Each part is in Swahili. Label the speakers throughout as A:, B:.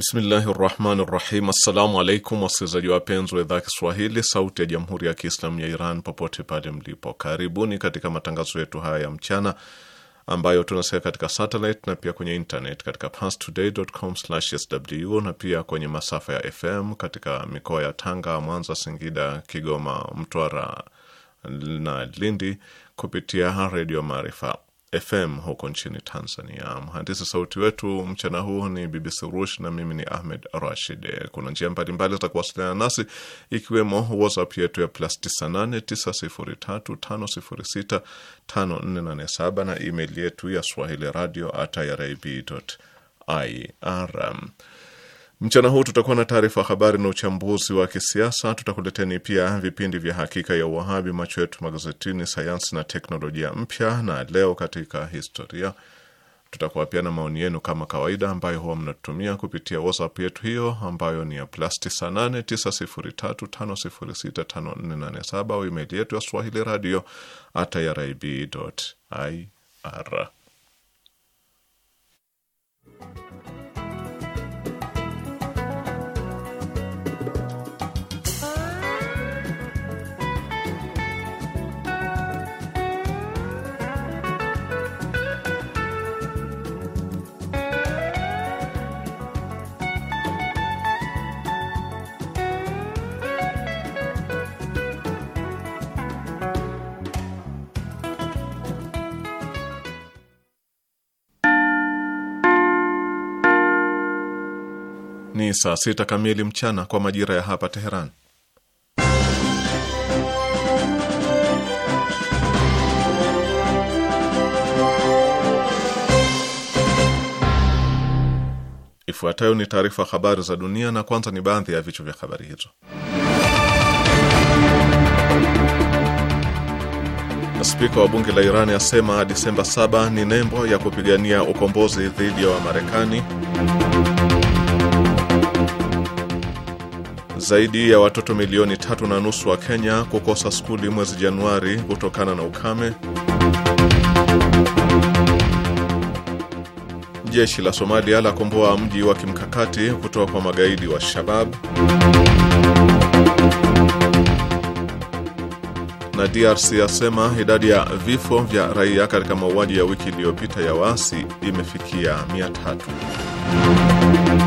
A: Bismillahi rahmani rahim. Assalamu alaikum wasikilizaji wapenzi wa idhaa Kiswahili sauti ya jamhuri ya Kiislamu ya Iran popote pale mlipo, karibuni katika matangazo yetu haya ya mchana ambayo tunasikia katika satellite na pia kwenye internet katika parstoday.com/sw na pia kwenye masafa ya FM katika mikoa ya Tanga, Mwanza, Singida, Kigoma, Mtwara na Lindi kupitia Redio Maarifa FM huko nchini Tanzania. Mhandisi sauti wetu mchana huu ni Bibi Surush na mimi ni Ahmed Rashid. Kuna njia mbalimbali za kuwasiliana nasi ikiwemo WhatsApp yetu ya plus 989035065487 na email yetu ya swahili radio at irib.ir. Mchana huu tutakuwa na taarifa habari na uchambuzi wa kisiasa. Tutakuleteni pia vipindi vya Hakika ya Uwahabi, Macho Yetu Magazetini, Sayansi na Teknolojia Mpya na Leo katika Historia. Tutakuwa pia na maoni yenu kama kawaida, ambayo huwa mnatutumia kupitia WhatsApp yetu hiyo ambayo ni ya plus 989035065487 au email yetu ya swahili radio at irib.ir. saa sita kamili mchana kwa majira ya hapa Teheran. Ifuatayo ni taarifa habari za dunia, na kwanza ni baadhi ya vichwa vya habari hizo. Spika wa bunge la Iran asema Disemba 7 ni nembo ya kupigania ukombozi dhidi ya Wamarekani. Zaidi ya watoto milioni tatu na nusu wa Kenya kukosa skuli mwezi Januari kutokana na ukame. Jeshi la Somalia la komboa mji wa kimkakati kutoka kwa magaidi wa Shabab. Na DRC yasema idadi ya vifo vya raia katika mauaji ya wiki iliyopita ya waasi imefikia 300.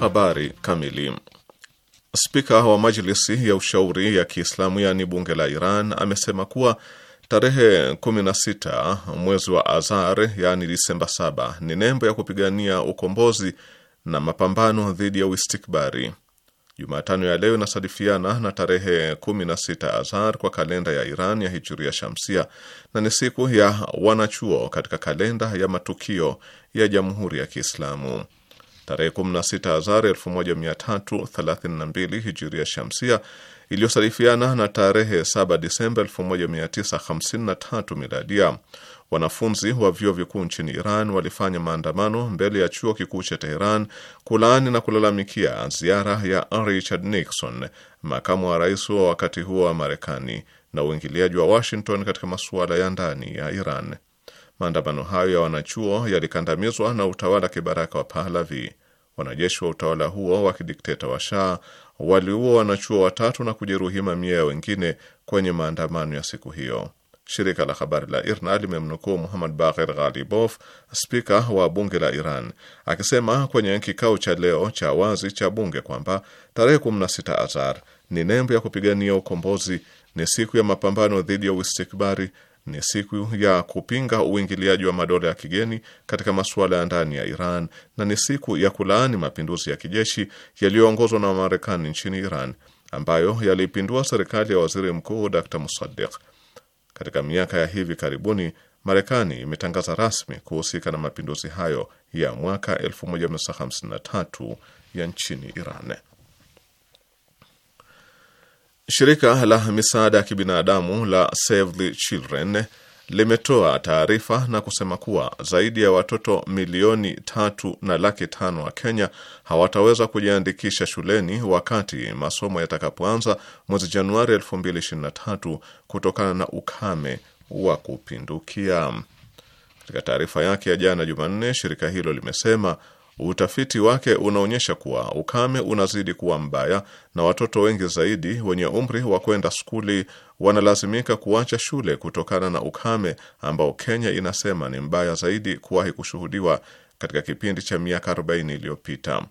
A: Habari kamili. Spika wa Majlisi ya Ushauri ya Kiislamu, yaani bunge la Iran, amesema kuwa tarehe 16 mwezi wa Azar, yaani Disemba 7 ni nembo ya kupigania ukombozi na mapambano dhidi ya uistikbari. Jumatano ya leo inasadifiana na tarehe 16 Azar kwa kalenda ya Iran ya hijiria shamsia na ni siku ya wanachuo katika kalenda ya matukio ya Jamhuri ya Kiislamu tarehe 16 azari 1332 hijiria shamsia iliyosalifiana na tarehe 7 Disemba 1953 miladia, wanafunzi wa vyuo vikuu nchini Iran walifanya maandamano mbele ya chuo kikuu cha Teheran kulaani na kulalamikia ziara ya Richard Nixon, makamu wa rais wa wakati huo wa Marekani, na uingiliaji wa Washington katika masuala ya ndani ya Iran. Maandamano hayo ya wanachuo yalikandamizwa na utawala kibaraka wa Pahlavi. Wanajeshi wa utawala huo wa kidikteta wa Shah waliua wanachuo watatu na kujeruhi mamia ya wengine kwenye maandamano ya siku hiyo. Shirika la habari la IRNA limemnukuu Muhammad Bagher ghalibof spika wa bunge la Iran, akisema kwenye kikao cha leo cha wazi cha bunge kwamba tarehe 16 Azar ni nembo ya kupigania ukombozi, ni siku ya mapambano dhidi ya uistikbari ni siku ya kupinga uingiliaji wa madola ya kigeni katika masuala ya ndani ya Iran na ni siku ya kulaani mapinduzi ya kijeshi yaliyoongozwa na Marekani nchini Iran ambayo yaliipindua serikali ya waziri mkuu Dr. Mossadegh. Katika miaka ya hivi karibuni, Marekani imetangaza rasmi kuhusika na mapinduzi hayo ya mwaka 1953 ya nchini Iran. Shirika la misaada ya kibinadamu la Save the Children limetoa taarifa na kusema kuwa zaidi ya watoto milioni tatu na laki tano wa Kenya hawataweza kujiandikisha shuleni wakati masomo yatakapoanza mwezi Januari 2023 kutokana na ukame wa kupindukia. Katika taarifa yake ya jana Jumanne, shirika hilo limesema Utafiti wake unaonyesha kuwa ukame unazidi kuwa mbaya na watoto wengi zaidi wenye umri wa kwenda skuli wanalazimika kuacha shule kutokana na ukame ambao Kenya inasema ni mbaya zaidi kuwahi kushuhudiwa katika kipindi cha miaka 40 iliyopita.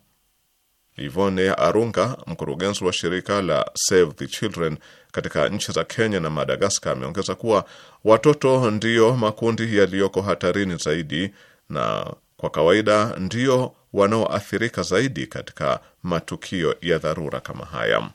A: Ivone Arunga, mkurugenzi wa shirika la Save the Children katika nchi za Kenya na Madagaskar, ameongeza kuwa watoto ndiyo makundi yaliyoko hatarini zaidi na kwa kawaida ndio wanaoathirika zaidi katika matukio ya dharura kama haya.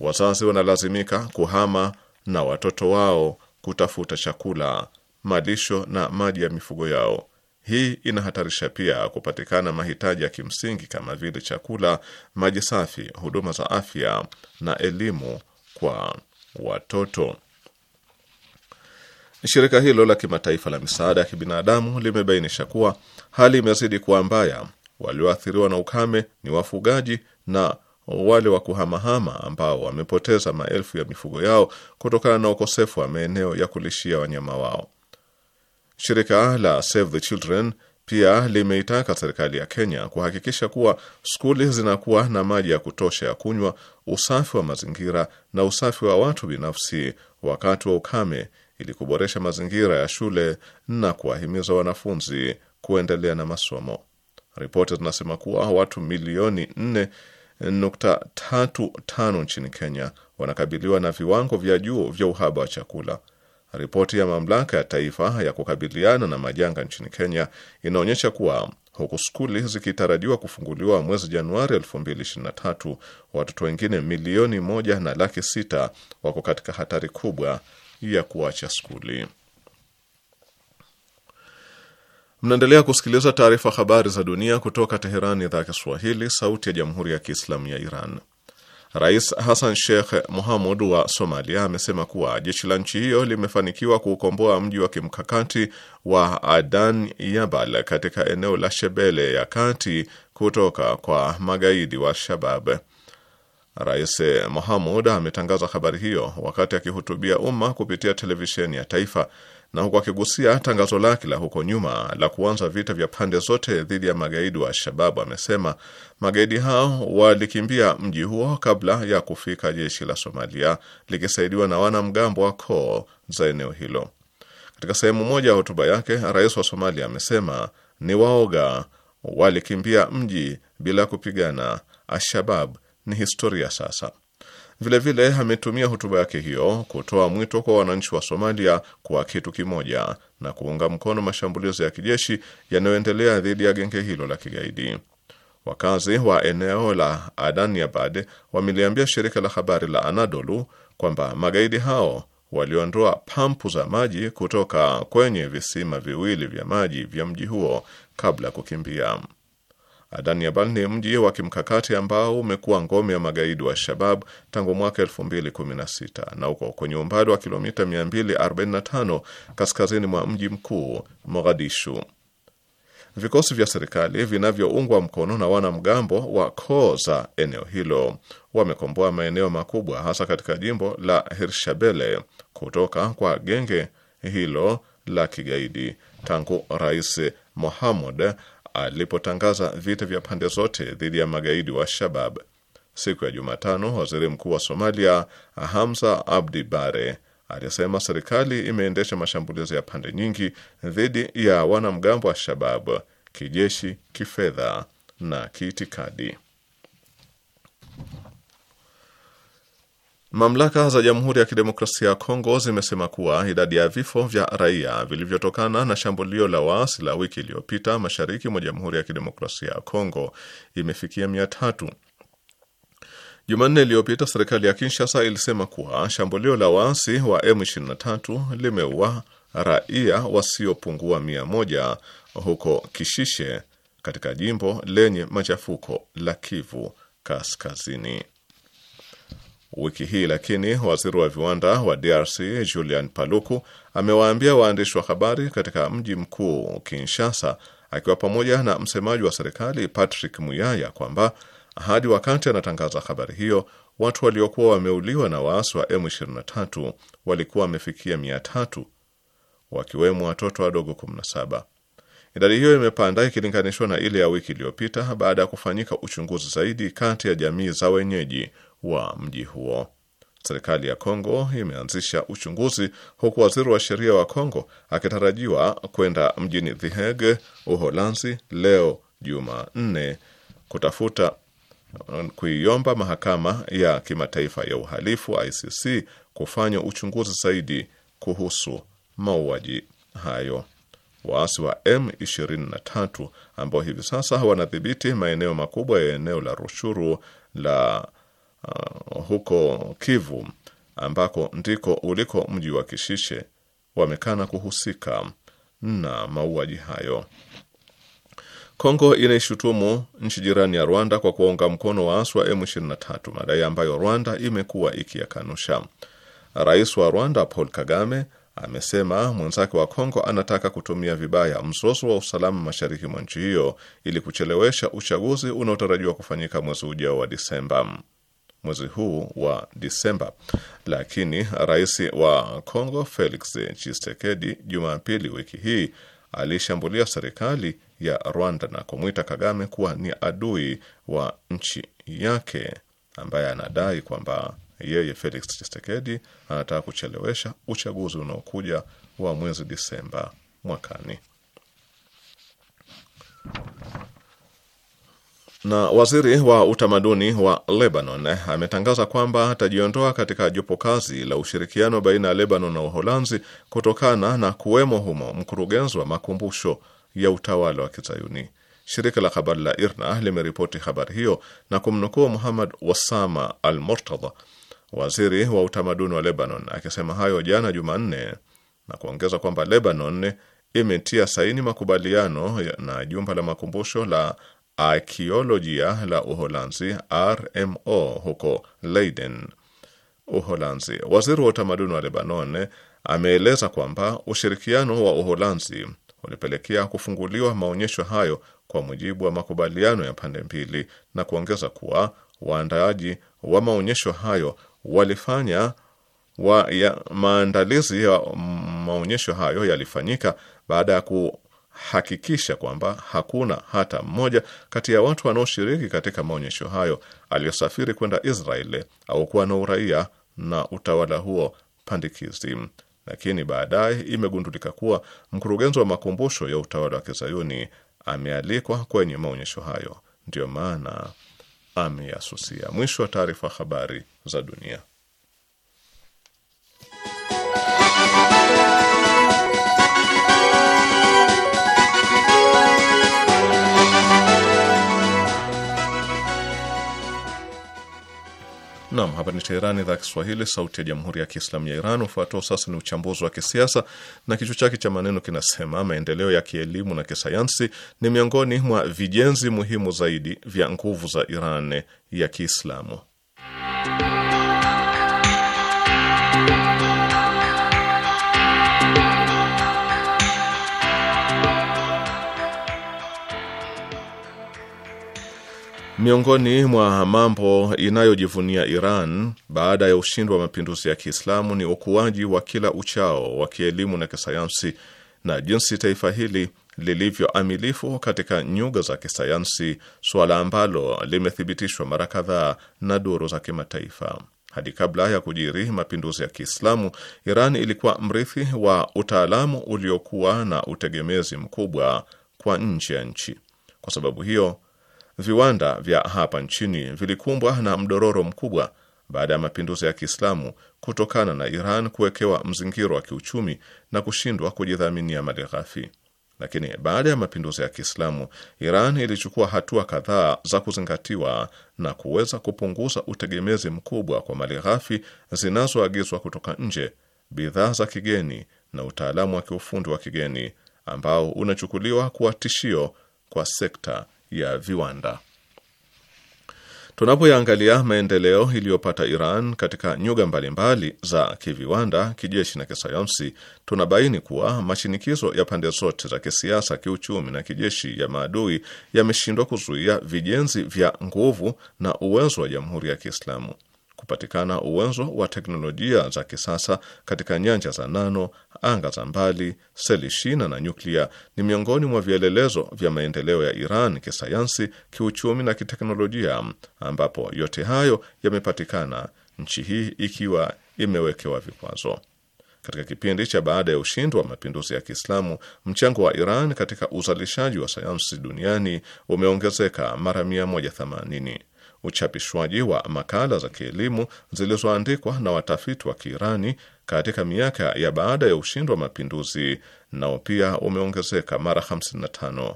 A: Wazazi wanalazimika kuhama na watoto wao kutafuta chakula, malisho na maji ya mifugo yao. Hii inahatarisha pia kupatikana mahitaji ya kimsingi kama vile chakula, maji safi, huduma za afya na elimu kwa watoto. Shirika hilo la kimataifa la misaada ya kibinadamu limebainisha kuwa Hali imezidi kuwa mbaya. Walioathiriwa na ukame ni wafugaji na wale wa kuhamahama ambao wamepoteza maelfu ya mifugo yao kutokana na ukosefu wa maeneo ya kulishia wanyama wao. Shirika la Save the Children pia limeitaka serikali ya Kenya kuhakikisha kuwa skuli zinakuwa na maji ya kutosha ya kunywa, usafi wa mazingira na usafi wa watu binafsi wakati wa ukame, ili kuboresha mazingira ya shule na kuwahimiza wanafunzi kuendelea na masomo. Ripoti zinasema kuwa watu milioni 4.35 nchini Kenya wanakabiliwa na viwango vya juu vya uhaba wa chakula. Ripoti ya mamlaka ya taifa ya kukabiliana na majanga nchini Kenya inaonyesha kuwa huku skuli zikitarajiwa kufunguliwa mwezi Januari 2023, watoto wengine milioni moja na laki sita wako katika hatari kubwa ya kuacha skuli. Mnaendelea kusikiliza taarifa habari za dunia kutoka Teherani, idhaa ya Kiswahili, sauti ya jamhuri ya kiislamu ya Iran. Rais Hassan Sheikh Mohamud wa Somalia amesema kuwa jeshi la nchi hiyo limefanikiwa kuukomboa mji wa kimkakati wa Adan Yabal katika eneo la Shebele ya kati kutoka kwa magaidi wa Al-Shabab. Rais Mohamud ametangaza habari hiyo wakati akihutubia umma kupitia televisheni ya taifa na huku akigusia tangazo lake la huko nyuma la kuanza vita vya pande zote dhidi ya magaidi wa al amesema magaidi hao walikimbia mji huo kabla ya kufika jeshi la Somalia likisaidiwa na wanamgambo wa koo za eneo hilo. Katika sehemu moja ya hotuba yake, rais wa Somalia amesema ni waoga walikimbia mji bila kupigana. Al-Shabab ni historia sasa. Vilevile ametumia hotuba yake hiyo kutoa mwito kwa wananchi wa Somalia kwa kitu kimoja na kuunga mkono mashambulizi ya kijeshi yanayoendelea dhidi ya genge hilo la kigaidi. Wakazi wa eneo la Adaniabad wameliambia shirika la habari la Anadolu kwamba magaidi hao waliondoa pampu za maji kutoka kwenye visima viwili vya maji vya mji huo kabla ya kukimbia. Adan Yabal ni mji wa kimkakati ambao umekuwa ngome ya magaidi wa Shabab tangu mwaka 2016 na uko kwenye umbali wa kilomita 245 kaskazini mwa mji mkuu Mogadishu. Vikosi vya serikali vinavyoungwa mkono na wanamgambo wa koo za eneo hilo wamekomboa maeneo makubwa hasa katika jimbo la hirshabele kutoka kwa genge hilo la kigaidi tangu Rais Mohamed alipotangaza vita vya pande zote dhidi ya magaidi wa Shabab. Siku ya Jumatano, waziri mkuu wa Somalia Hamza Abdi Bare alisema serikali imeendesha mashambulizi ya pande nyingi dhidi ya wanamgambo wa Shabab kijeshi, kifedha na kiitikadi. Mamlaka za Jamhuri ya Kidemokrasia ya Kongo zimesema kuwa idadi ya vifo vya raia vilivyotokana na shambulio la waasi la wiki iliyopita mashariki mwa Jamhuri ya Kidemokrasia ya Kongo imefikia mia tatu. Jumanne iliyopita serikali ya Kinshasa ilisema kuwa shambulio la waasi wa M23 limeua raia wasiopungua mia moja huko Kishishe katika jimbo lenye machafuko la Kivu Kaskazini wiki hii, lakini waziri wa viwanda wa DRC Julian Paluku amewaambia waandishi wa habari katika mji mkuu Kinshasa akiwa pamoja na msemaji wa serikali Patrick Muyaya kwamba hadi wakati anatangaza habari hiyo watu waliokuwa wameuliwa na waasi wa M23 walikuwa wamefikia mia tatu wakiwemo watoto wadogo 17. Idadi hiyo imepanda ikilinganishwa na ile ya wiki iliyopita baada ya kufanyika uchunguzi zaidi kati ya jamii za wenyeji wa mji huo. Serikali ya Kongo imeanzisha uchunguzi huku waziri wa sheria wa Kongo akitarajiwa kwenda mjini The Hague, Uholanzi, leo Jumanne kutafuta kuiomba mahakama ya kimataifa ya uhalifu ICC kufanya uchunguzi zaidi kuhusu mauaji hayo. Waasi wa M23 ambao hivi sasa wanadhibiti maeneo makubwa ya eneo la Rushuru la uh, huko Kivu ambako ndiko uliko mji wa Kishishe wamekana kuhusika na mauaji hayo. Kongo inaishutumu nchi jirani ya Rwanda kwa kuwaunga mkono waasi wa M23, madai ambayo Rwanda imekuwa ikiyakanusha. Rais wa Rwanda Paul Kagame amesema mwenzake wa Kongo anataka kutumia vibaya mzozo wa usalama mashariki mwa nchi hiyo ili kuchelewesha uchaguzi unaotarajiwa kufanyika mwezi ujao wa Disemba mwezi huu wa Disemba, lakini rais wa Kongo Felix Tshisekedi Jumapili wiki hii alishambulia serikali ya Rwanda na kumwita Kagame kuwa ni adui wa nchi yake ambaye anadai kwamba yeye Felix Tshisekedi anataka kuchelewesha uchaguzi unaokuja wa mwezi Disemba mwakani. Na waziri wa utamaduni wa Lebanon ametangaza kwamba atajiondoa katika jopo kazi la ushirikiano baina ya Lebanon na Uholanzi kutokana na kuwemo humo mkurugenzi wa makumbusho ya utawala wa Kizayuni. Shirika la habari la IRNA limeripoti habari hiyo na kumnukuu Muhammad Wasama Al Murtadha, waziri wa utamaduni wa Lebanon, akisema hayo jana Jumanne na kuongeza kwamba Lebanon imetia saini makubaliano na jumba la makumbusho la akiolojia la Uholanzi RMO huko Leiden, Uholanzi. Waziri wa utamaduni wa Lebanon ameeleza kwamba ushirikiano wa Uholanzi ulipelekea kufunguliwa maonyesho hayo kwa mujibu wa makubaliano ya pande mbili, na kuongeza kuwa waandaaji wa maonyesho hayo walifanya wa ya maandalizi ya maonyesho hayo yalifanyika baada ya ku hakikisha kwamba hakuna hata mmoja kati ya watu wanaoshiriki katika maonyesho hayo aliyosafiri kwenda Israeli au kuwa na uraia na utawala huo pandikizi. Lakini baadaye imegundulika kuwa mkurugenzi wa makumbusho ya utawala wa kizayuni amealikwa kwenye maonyesho hayo, ndiyo maana ameyasusia. Mwisho wa taarifa. Habari za dunia. Naam, hapa ni Teherani, idhaa ya Kiswahili, sauti ya jamhuri ya kiislamu ya Iran. Ufuatao sasa ni uchambuzi wa kisiasa na kichwa chake cha maneno kinasema: maendeleo ya kielimu na kisayansi ni miongoni mwa vijenzi muhimu zaidi vya nguvu za Iran ya Kiislamu. Miongoni mwa mambo inayojivunia Iran baada ya ushindi wa mapinduzi ya Kiislamu ni ukuaji wa kila uchao wa kielimu na kisayansi na jinsi taifa hili lilivyoamilifu katika nyuga za kisayansi, suala ambalo limethibitishwa mara kadhaa na duru za kimataifa. Hadi kabla ya kujiri mapinduzi ya Kiislamu, Iran ilikuwa mrithi wa utaalamu uliokuwa na utegemezi mkubwa kwa nje ya nchi. Kwa sababu hiyo viwanda vya hapa nchini vilikumbwa na mdororo mkubwa baada ya mapinduzi ya Kiislamu kutokana na Iran kuwekewa mzingiro wa kiuchumi na kushindwa kujidhaminia malighafi. Lakini baada ya mapinduzi ya Kiislamu, Iran ilichukua hatua kadhaa za kuzingatiwa na kuweza kupunguza utegemezi mkubwa kwa malighafi zinazoagizwa kutoka nje, bidhaa za kigeni na utaalamu wa kiufundi wa kigeni ambao unachukuliwa kuwa tishio kwa sekta ya viwanda. Tunapoyaangalia maendeleo iliyopata Iran katika nyuga mbalimbali za kiviwanda, kijeshi na kisayansi, tunabaini kuwa mashinikizo ya pande zote za kisiasa, kiuchumi na kijeshi ya maadui yameshindwa kuzuia vijenzi vya nguvu na uwezo wa Jamhuri ya Kiislamu kupatikana uwezo wa teknolojia za kisasa katika nyanja za nano, anga za mbali, seli shina na nyuklia ni miongoni mwa vielelezo vya maendeleo ya Iran kisayansi, kiuchumi na kiteknolojia, ambapo yote hayo yamepatikana nchi hii ikiwa imewekewa vikwazo. Katika kipindi cha baada ya ushindi wa mapinduzi ya Kiislamu, mchango wa Iran katika uzalishaji wa sayansi duniani umeongezeka mara 180 uchapishwaji wa makala za kielimu zilizoandikwa na watafiti wa Kiirani katika miaka ya baada ya ushindi wa mapinduzi nao pia umeongezeka mara 55.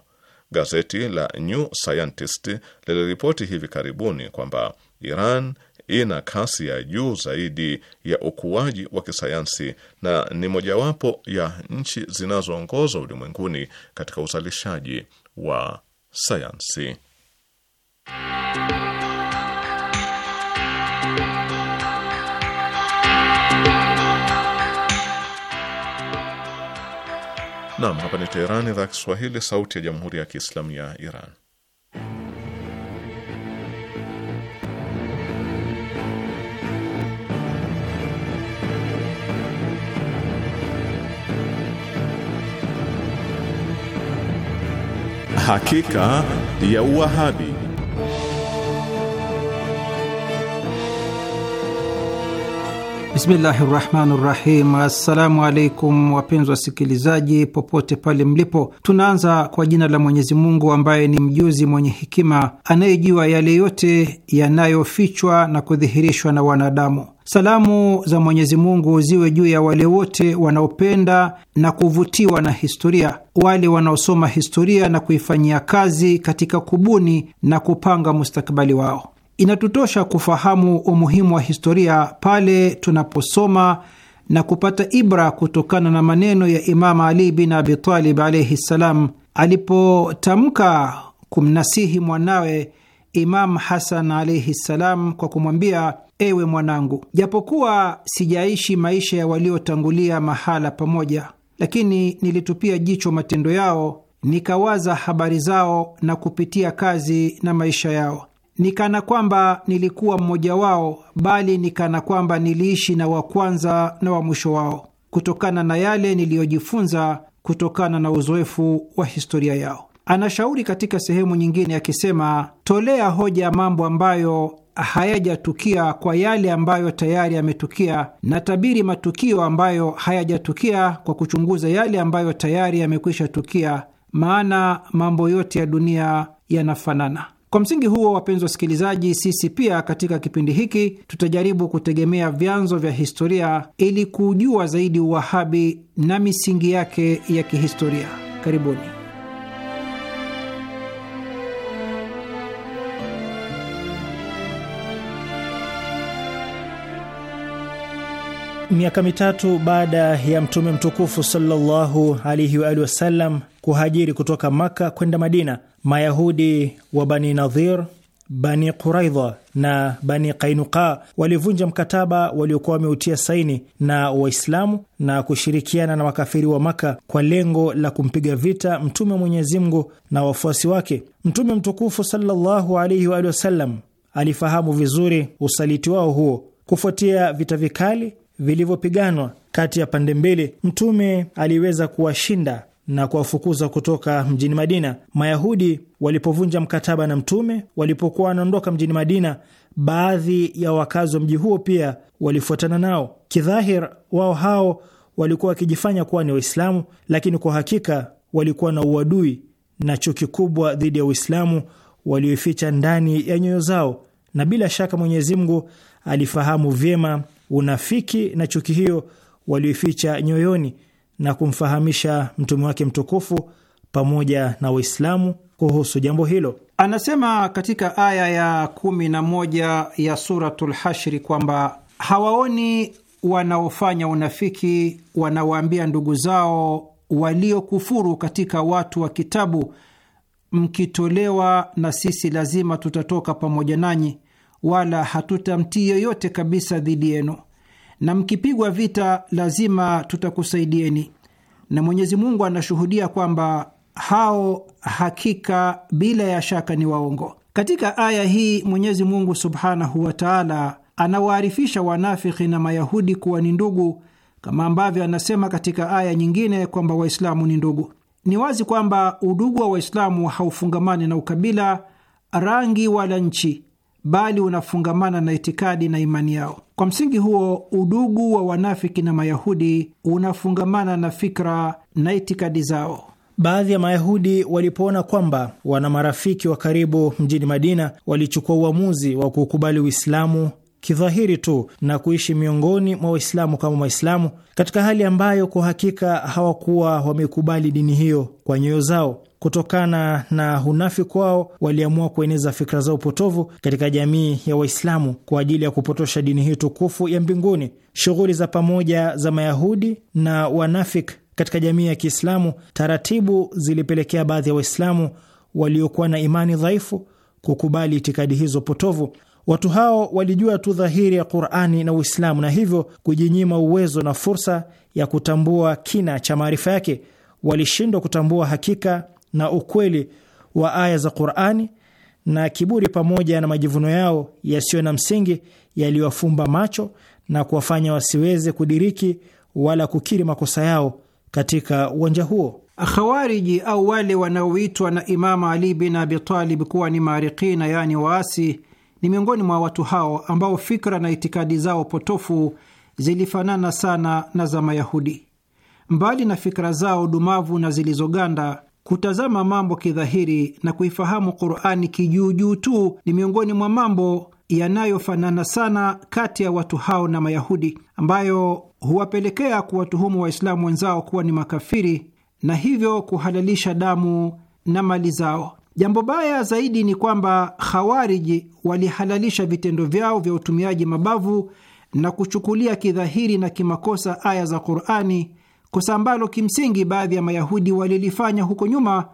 A: Gazeti la New Scientist liliripoti hivi karibuni kwamba Iran ina kasi ya juu zaidi ya ukuaji wa kisayansi na ni mojawapo ya nchi zinazoongoza ulimwenguni katika uzalishaji wa sayansi. Naam, hapa ni Teherani, idhaa Kiswahili, sauti ya jamhuri ya kiislamu ya Iran. Hakika ya Uwahabi.
B: Bismillahi rahmani rahim. Assalamu alaikum wapenzi wasikilizaji popote pale mlipo, tunaanza kwa jina la Mwenyezi Mungu ambaye ni mjuzi mwenye hekima, anayejua yale yote yanayofichwa na kudhihirishwa na wanadamu. Salamu za Mwenyezi Mungu ziwe juu ya wale wote wanaopenda na kuvutiwa na historia, wale wanaosoma historia na kuifanyia kazi katika kubuni na kupanga mustakabali wao inatutosha kufahamu umuhimu wa historia pale tunaposoma na kupata ibra kutokana na maneno ya Imamu Ali bin Abi Talib alaihi ssalam alipotamka kumnasihi mwanawe Imamu Hasan alaihi ssalam kwa kumwambia Ewe mwanangu, japokuwa sijaishi maisha ya waliotangulia mahala pamoja, lakini nilitupia jicho matendo yao, nikawaza habari zao na kupitia kazi na maisha yao, nikana kwamba nilikuwa mmoja wao, bali nikana kwamba niliishi na wa kwanza na wa mwisho wao, kutokana na yale niliyojifunza kutokana na uzoefu wa historia yao. Anashauri katika sehemu nyingine akisema, tolea hoja ya mambo ambayo hayajatukia kwa yale ambayo tayari yametukia, na tabiri matukio ambayo hayajatukia kwa kuchunguza yale ambayo tayari yamekwisha tukia, maana mambo yote ya dunia yanafanana. Kwa msingi huo, wapenzi wasikilizaji, sisi pia katika kipindi hiki tutajaribu kutegemea vyanzo vya historia ili kujua zaidi Uwahabi na misingi yake ya kihistoria. Karibuni.
C: Miaka mitatu baada ya Mtume mtukufu sallallahu alaihi wa alihi wasallam kuhajiri kutoka Makka kwenda Madina, Mayahudi wa Bani Nadhir, Bani Quraidha na Bani Kainuqa walivunja mkataba waliokuwa wameutia saini na Waislamu na kushirikiana na makafiri wa makka kwa lengo la kumpiga vita Mtume wa Mwenyezi Mungu na wafuasi wake. Mtume mtukufu sallallahu alaihi wa alihi wasallam alifahamu vizuri usaliti wao huo. Kufuatia vita vikali vilivyopiganwa kati ya pande mbili, Mtume aliweza kuwashinda na kuwafukuza kutoka mjini Madina. Mayahudi walipovunja mkataba na Mtume walipokuwa wanaondoka mjini Madina, baadhi ya wakazi wa mji huo pia walifuatana nao. Kidhahir, wao hao walikuwa wakijifanya kuwa ni Waislamu, lakini kwa hakika walikuwa na uadui na chuki kubwa dhidi ya Uislamu walioificha ndani ya nyoyo zao, na bila shaka Mwenyezi Mungu alifahamu vyema unafiki na chuki hiyo walioificha nyoyoni na kumfahamisha mtume wake mtukufu pamoja na Waislamu kuhusu jambo
B: hilo. Anasema katika aya ya kumi na moja ya Suratul Hashri kwamba hawaoni wanaofanya unafiki wanawaambia ndugu zao waliokufuru katika watu wa Kitabu, mkitolewa na sisi lazima tutatoka pamoja nanyi, wala hatutamtii yoyote kabisa dhidi yenu, na mkipigwa vita lazima tutakusaidieni, na Mwenyezi Mungu anashuhudia kwamba hao hakika bila ya shaka ni waongo. Katika aya hii Mwenyezi Mungu subhanahu wa taala anawaarifisha wanafiki na Mayahudi kuwa ni ndugu, kama ambavyo anasema katika aya nyingine kwamba Waislamu ni ndugu. Ni wazi kwamba udugu wa Waislamu haufungamani na ukabila, rangi wala nchi, bali unafungamana na itikadi na imani yao. Kwa msingi huo, udugu wa wanafiki na Mayahudi unafungamana na fikra na itikadi zao. Baadhi ya Mayahudi walipoona kwamba wana
C: marafiki wa karibu mjini Madina, walichukua uamuzi wa kuukubali Uislamu kidhahiri tu na kuishi miongoni mwa Waislamu kama Waislamu, katika hali ambayo kwa hakika hawakuwa wamekubali dini hiyo kwa nyoyo zao kutokana na unafiki wao waliamua kueneza fikra zao potovu katika jamii ya Waislamu kwa ajili ya kupotosha dini hii tukufu ya mbinguni. Shughuli za pamoja za Mayahudi na wanafik katika jamii ya Kiislamu taratibu zilipelekea baadhi ya Waislamu waliokuwa na imani dhaifu kukubali itikadi hizo potovu. Watu hao walijua tu dhahiri ya Qur'ani na Uislamu na hivyo kujinyima uwezo na fursa ya kutambua kina cha maarifa yake. Walishindwa kutambua hakika na ukweli wa aya za Qur'ani na kiburi pamoja na majivuno yao yasiyo na msingi yaliwafumba macho na kuwafanya wasiweze kudiriki wala kukiri makosa yao katika uwanja huo.
B: Khawariji au wale wanaoitwa na Imamu Ali bin Abi Talib kuwa ni mariqina yaani waasi, ni miongoni mwa watu hao ambao fikra na itikadi zao potofu zilifanana sana na za Mayahudi. Mbali na fikra zao dumavu na zilizoganda, Kutazama mambo kidhahiri na kuifahamu Qur'ani kijuujuu tu ni miongoni mwa mambo yanayofanana sana kati ya watu hao na Mayahudi, ambayo huwapelekea kuwatuhumu Waislamu wenzao kuwa ni makafiri na hivyo kuhalalisha damu na mali zao. Jambo baya zaidi ni kwamba Khawariji walihalalisha vitendo vyao vya utumiaji mabavu na kuchukulia kidhahiri na kimakosa aya za Qur'ani kosa ambalo kimsingi baadhi ya Mayahudi walilifanya huko nyuma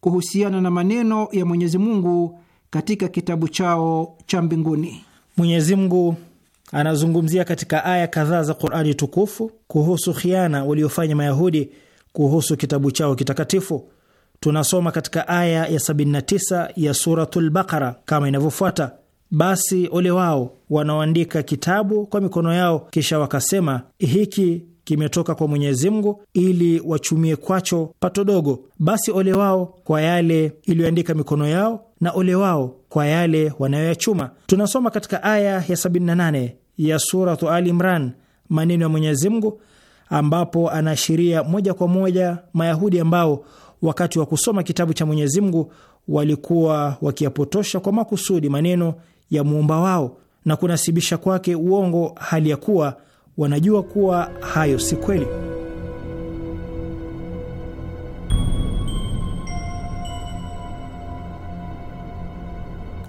B: kuhusiana na maneno ya Mwenyezi Mungu katika kitabu chao cha mbinguni. Mwenyezi Mungu
C: anazungumzia katika aya kadhaa za Qur'ani tukufu kuhusu khiana waliofanya Mayahudi kuhusu kitabu chao kitakatifu. Tunasoma katika aya ya 79 ya suratul Baqara kama inavyofuata: basi ole wao wanaoandika kitabu kwa mikono yao, kisha wakasema hiki kimetoka kwa Mwenyezi Mungu ili wachumie kwacho pato dogo, basi ole wao kwa yale iliyoandika mikono yao na ole wao kwa yale wanayoyachuma. Tunasoma katika aya ya 78 ya suratu Ali Imran maneno ya Mwenyezi Mungu ambapo anaashiria moja kwa moja Mayahudi ambao wakati wa kusoma kitabu cha Mwenyezi Mungu walikuwa wakiyapotosha kwa makusudi maneno ya muumba wao na kunasibisha kwake uongo hali ya kuwa wanajua kuwa hayo si kweli.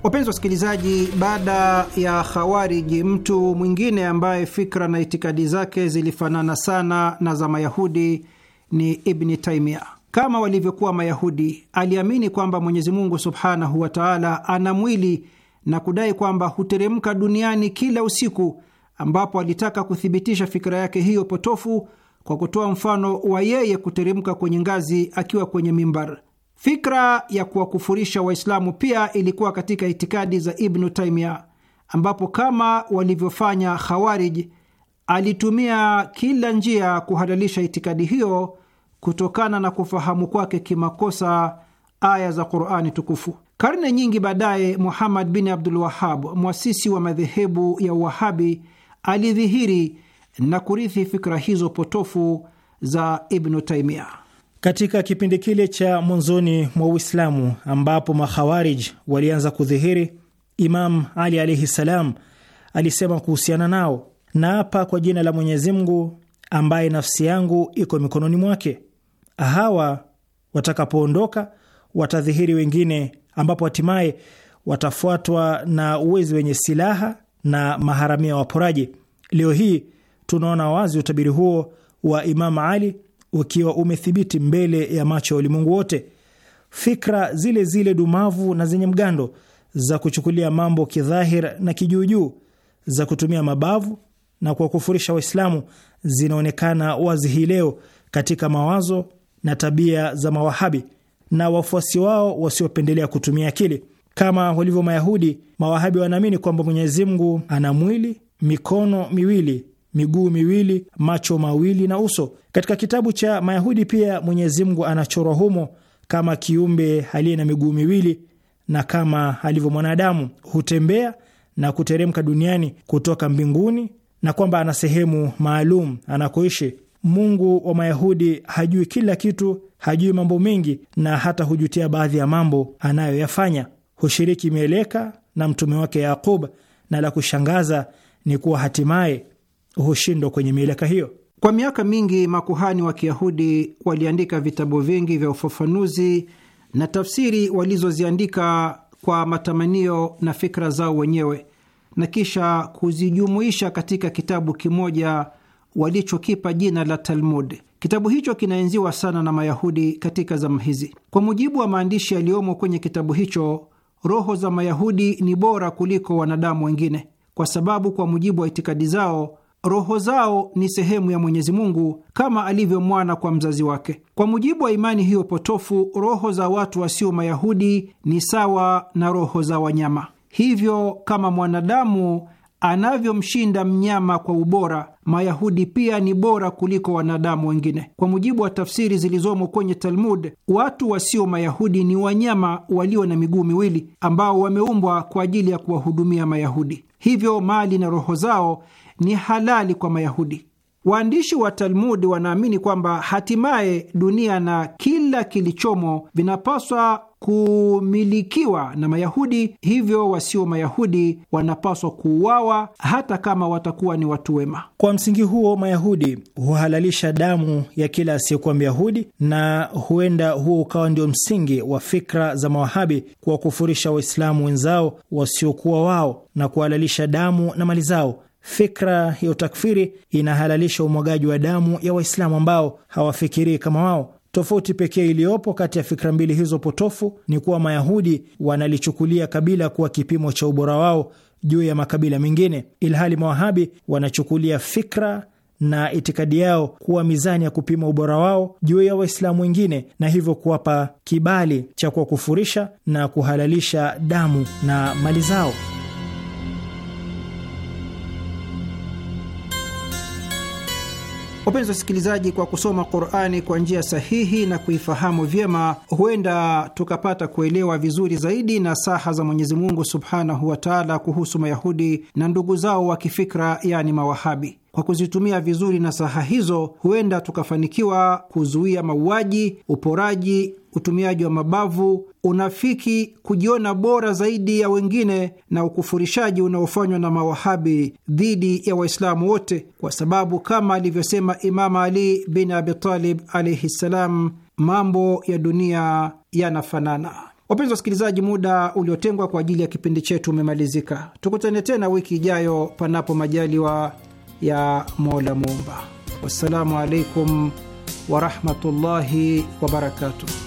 B: Wapenzi wasikilizaji, baada ya Khawariji, mtu mwingine ambaye fikra na itikadi zake zilifanana sana na za Mayahudi ni Ibni Taimia. Kama walivyokuwa Mayahudi, aliamini kwamba Mwenyezi Mungu subhanahu wa taala ana mwili na kudai kwamba huteremka duniani kila usiku ambapo alitaka kuthibitisha fikra yake hiyo potofu kwa kutoa mfano wa yeye kuteremka kwenye ngazi akiwa kwenye mimbar. Fikra ya kuwakufurisha Waislamu pia ilikuwa katika itikadi za Ibnu Taimia, ambapo kama walivyofanya Khawarij, alitumia kila njia kuhalalisha itikadi hiyo kutokana na kufahamu kwake kimakosa aya za Qurani tukufu. Karne nyingi baadaye, Muhammad bin Abdul Wahab, mwasisi wa madhehebu ya Uwahabi, alidhihiri na kurithi fikra hizo potofu za Ibnu Taimia katika kipindi kile cha mwanzoni mwa Uislamu ambapo
C: makhawarij walianza kudhihiri. Imam Ali alaihi salam alisema kuhusiana nao, naapa kwa jina la Mwenyezi Mungu ambaye nafsi yangu iko mikononi mwake, hawa watakapoondoka watadhihiri wengine, ambapo hatimaye watafuatwa na uwezi wenye silaha na maharamia waporaji. Leo hii tunaona wazi utabiri huo wa Imam Ali ukiwa umethibiti mbele ya macho ya ulimwengu wote. Fikra zile zile dumavu na zenye mgando za kuchukulia mambo kidhahir na kijuujuu, za kutumia mabavu na kuwakufurisha Waislamu zinaonekana wazi hii leo katika mawazo na tabia za mawahabi na wafuasi wao wasiopendelea kutumia akili. Kama walivyo Mayahudi, Mawahabi wanaamini kwamba Mwenyezi Mungu ana mwili, mikono miwili, miguu miwili, macho mawili na uso. Katika kitabu cha Mayahudi pia Mwenyezi Mungu anachorwa humo kama kiumbe aliye na miguu miwili na kama alivyo mwanadamu, hutembea na kuteremka duniani kutoka mbinguni na kwamba ana sehemu maalum anakoishi. Mungu wa Mayahudi hajui kila kitu, hajui mambo mengi na hata hujutia baadhi ya mambo anayoyafanya hushiriki mieleka na mtume wake Yaqub, na la kushangaza ni kuwa
B: hatimaye hushindwa kwenye mieleka hiyo. Kwa miaka mingi makuhani wa Kiyahudi waliandika vitabu vingi vya ufafanuzi na tafsiri walizoziandika kwa matamanio na fikra zao wenyewe na kisha kuzijumuisha katika kitabu kimoja walichokipa jina la Talmud. Kitabu hicho kinaenziwa sana na Mayahudi katika zama hizi. Kwa mujibu wa maandishi yaliyomo kwenye kitabu hicho, roho za Mayahudi ni bora kuliko wanadamu wengine, kwa sababu kwa mujibu wa itikadi zao roho zao ni sehemu ya Mwenyezi Mungu kama alivyo mwana kwa mzazi wake. Kwa mujibu wa imani hiyo potofu, roho za watu wasio Mayahudi ni sawa na roho za wanyama. Hivyo kama mwanadamu anavyomshinda mnyama kwa ubora, Mayahudi pia ni bora kuliko wanadamu wengine. Kwa mujibu wa tafsiri zilizomo kwenye Talmud, watu wasio Mayahudi ni wanyama walio na miguu miwili ambao wameumbwa kwa ajili ya kuwahudumia Mayahudi, hivyo mali na roho zao ni halali kwa Mayahudi. Waandishi wa Talmud wanaamini kwamba hatimaye dunia na kila kila kilichomo vinapaswa kumilikiwa na Mayahudi, hivyo wasio Mayahudi wanapaswa kuuawa hata kama watakuwa ni watu wema. Kwa msingi huo, Mayahudi huhalalisha damu ya kila asiyekuwa
C: Myahudi, na huenda huo ukawa ndio msingi wa fikra za Mawahabi kuwakufurisha Waislamu wenzao wasiokuwa wao na kuhalalisha damu na mali zao. Fikra ya utakfiri inahalalisha umwagaji wa damu ya Waislamu ambao hawafikirii kama wao. Tofauti pekee iliyopo kati ya fikra mbili hizo potofu ni kuwa Mayahudi wanalichukulia kabila kuwa kipimo cha ubora wao juu ya makabila mengine, ilhali Mawahabi wanachukulia fikra na itikadi yao kuwa mizani ya kupima ubora wao juu ya Waislamu wengine na hivyo kuwapa kibali cha kuwakufurisha na
B: kuhalalisha damu na mali zao. Wapenzi wasikilizaji, kwa kusoma Qurani kwa njia sahihi na kuifahamu vyema, huenda tukapata kuelewa vizuri zaidi na saha za Mwenyezi Mungu subhanahu wataala kuhusu Mayahudi na ndugu zao wa kifikra, yaani Mawahabi. Kwa kuzitumia vizuri na saha hizo, huenda tukafanikiwa kuzuia mauaji, uporaji utumiaji wa mabavu, unafiki, kujiona bora zaidi ya wengine na ukufurishaji unaofanywa na mawahabi dhidi ya Waislamu wote, kwa sababu kama alivyosema Imamu Ali bin Abi Talib alaihi ssalam, mambo ya dunia yanafanana. Wapenzi wasikilizaji, muda uliotengwa kwa ajili ya kipindi chetu umemalizika. Tukutane tena wiki ijayo, panapo majaliwa ya Mola Muumba. Wassalamu alaikum warahmatullahi wabarakatuh.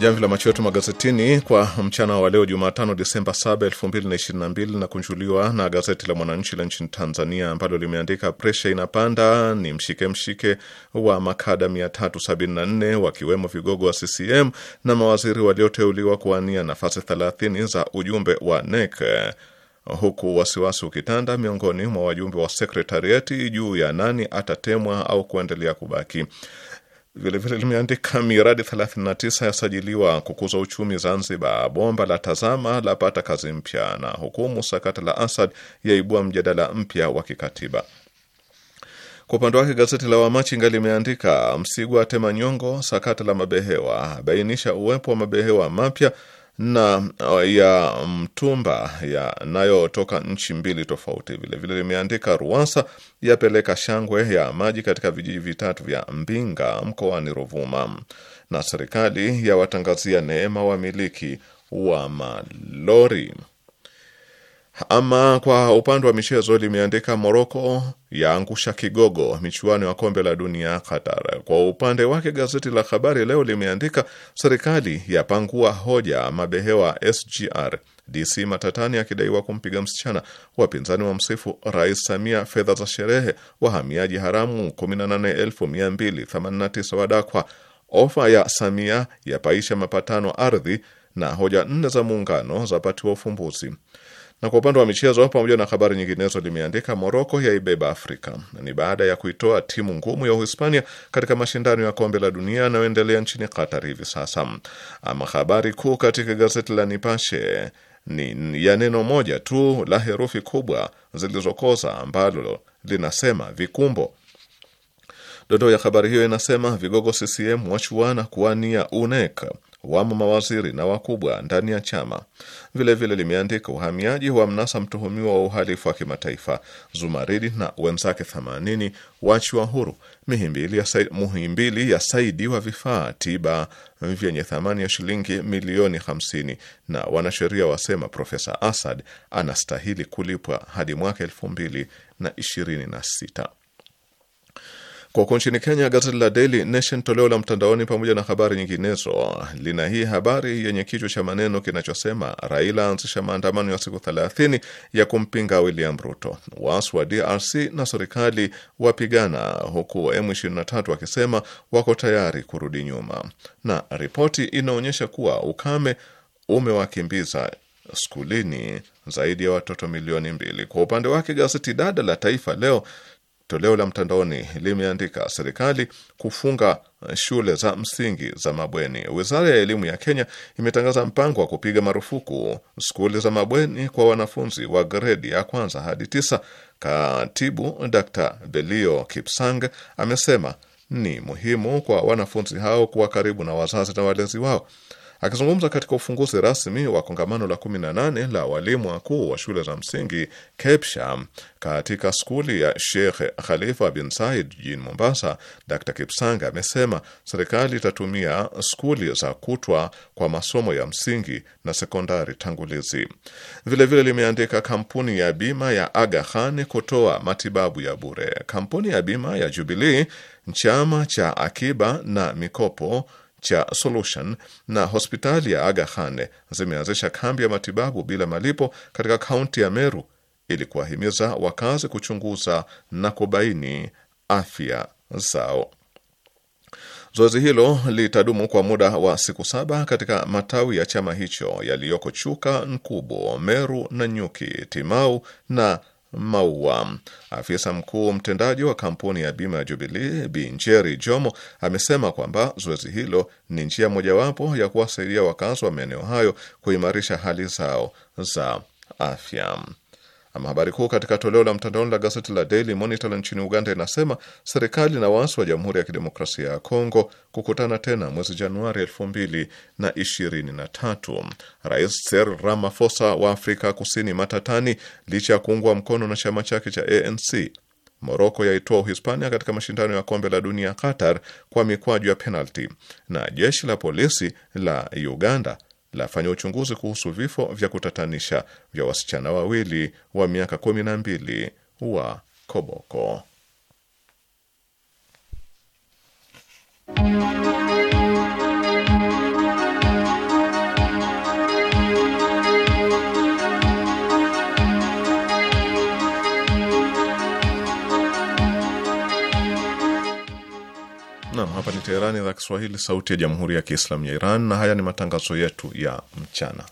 A: jamvi la macho yetu magazetini kwa mchana wa leo Jumatano, Disemba 7, 2022 na kunjuliwa na gazeti la Mwananchi la nchini Tanzania ambalo limeandika presha inapanda, ni mshike mshike wa makada 374 wakiwemo vigogo wa CCM na mawaziri walioteuliwa kuwania nafasi 30 za ujumbe wa NEC huku wasiwasi ukitanda miongoni mwa wajumbe wa sekretarieti juu ya nani atatemwa au kuendelea kubaki. Vilevile limeandika miradi 39 yasajiliwa kukuza uchumi Zanzibar, bomba la Tazama lapata kazi mpya, na hukumu sakata la Asad yaibua mjadala mpya wa kikatiba. Kwa upande wake gazeti la Wamachinga limeandika Msigwa tema nyongo, sakata la mabehewa, bainisha uwepo wa mabehewa mapya na uh, ya mtumba yanayotoka nchi mbili tofauti. Vilevile limeandika ruasa yapeleka shangwe ya maji katika vijiji vitatu vya Mbinga mkoani Ruvuma, na serikali yawatangazia neema wamiliki wa malori. Ama kwa upande wa michezo limeandika Moroko yaangusha kigogo michuano ya kombe la dunia Qatar. Kwa upande wake gazeti la Habari Leo limeandika serikali yapangua hoja mabehewa SGR, DC matatani akidaiwa kumpiga msichana, wapinzani wa msifu Rais Samia fedha za sherehe, wahamiaji haramu 18289 wadakwa, ofa ya Samia yapaisha mapatano ardhi, na hoja nne za muungano zapatiwa ufumbuzi. Na kwa upande wa michezo, pamoja na habari nyinginezo, limeandika Moroko yaibeba Afrika. Ni baada ya kuitoa timu ngumu ya Uhispania katika mashindano ya kombe la dunia yanayoendelea nchini Qatar hivi sasa. Ama habari kuu katika gazeti la Nipashe ni ya neno moja tu la herufi kubwa zilizokosa ambalo linasema vikumbo. Dondoo ya habari hiyo inasema vigogo CCM wachuana kuwania UNEK wamo mawaziri na wakubwa ndani ya chama. Vilevile limeandika uhamiaji wa mnasa mtuhumiwa wa uhalifu wa kimataifa Zumaridi na wenzake 80 wachiwa huru. Muhimbili ya, saidi, Muhimbili ya saidiwa vifaa tiba vyenye thamani ya shilingi milioni 50, na wanasheria wasema Profesa Asad anastahili kulipwa hadi mwaka sita. Kwa huko nchini Kenya, gazeti la Daily Nation toleo la mtandaoni, pamoja na habari nyinginezo, lina hii habari yenye kichwa cha maneno kinachosema Raila aanzisha maandamano ya siku 30 ya kumpinga William Ruto, waasi wa DRC na serikali wapigana, huku M23 wakisema wako tayari kurudi nyuma, na ripoti inaonyesha kuwa ukame umewakimbiza skulini zaidi ya watoto milioni mbili. Kwa upande wake gazeti dada la Taifa Leo Toleo la mtandaoni limeandika serikali kufunga shule za msingi za mabweni. Wizara ya elimu ya Kenya imetangaza mpango wa kupiga marufuku skuli za mabweni kwa wanafunzi wa gredi ya kwanza hadi tisa. Katibu Dr. Belio Kipsang amesema ni muhimu kwa wanafunzi hao kuwa karibu na wazazi na walezi wao. Akizungumza katika ufunguzi rasmi wa kongamano la 18 la walimu wakuu wa shule za msingi KEPSHA katika skuli ya Sheikh Khalifa bin Said jijini Mombasa, Dr. Kipsanga amesema serikali itatumia skuli za kutwa kwa masomo ya msingi na sekondari tangulizi. Vilevile limeandika kampuni ya bima ya Aga Khan kutoa matibabu ya bure. Kampuni ya bima ya Jubilee, chama cha akiba na mikopo cha Solution na hospitali ya Aga Khan zimeanzisha kambi ya matibabu bila malipo katika kaunti ya Meru ili kuwahimiza wakazi kuchunguza na kubaini afya zao. Zoezi hilo litadumu kwa muda wa siku saba katika matawi ya chama hicho yaliyoko Chuka, nkubo Meru, Nanyuki, Timau na maua. Afisa mkuu mtendaji wa kampuni ya bima ya Jubilee Bi Njeri Jomo amesema kwamba zoezi hilo ni njia mojawapo ya kuwasaidia wakazi wa maeneo hayo kuimarisha hali zao za afya. Ama habari kuu katika toleo la mtandaoni la gazeti la Daily Monitor la nchini Uganda inasema serikali na waasi wa Jamhuri ya Kidemokrasia ya Kongo kukutana tena mwezi Januari 2023. Rais Cyril Ramaphosa wa Afrika Kusini matatani licha ya kuungwa mkono na chama chake cha ANC. Moroko yaitoa Uhispania katika mashindano ya kombe la dunia Qatar kwa mikwaju ya penalti, na jeshi la polisi la Uganda lafanya uchunguzi kuhusu vifo vya kutatanisha vya wasichana wawili wa miaka kumi na mbili wa Koboko. Naam, hapa ni Teherani, idhaa Kiswahili, sauti ya jamhuri ya kiislamu ya Iran, na haya ni matangazo yetu ya mchana.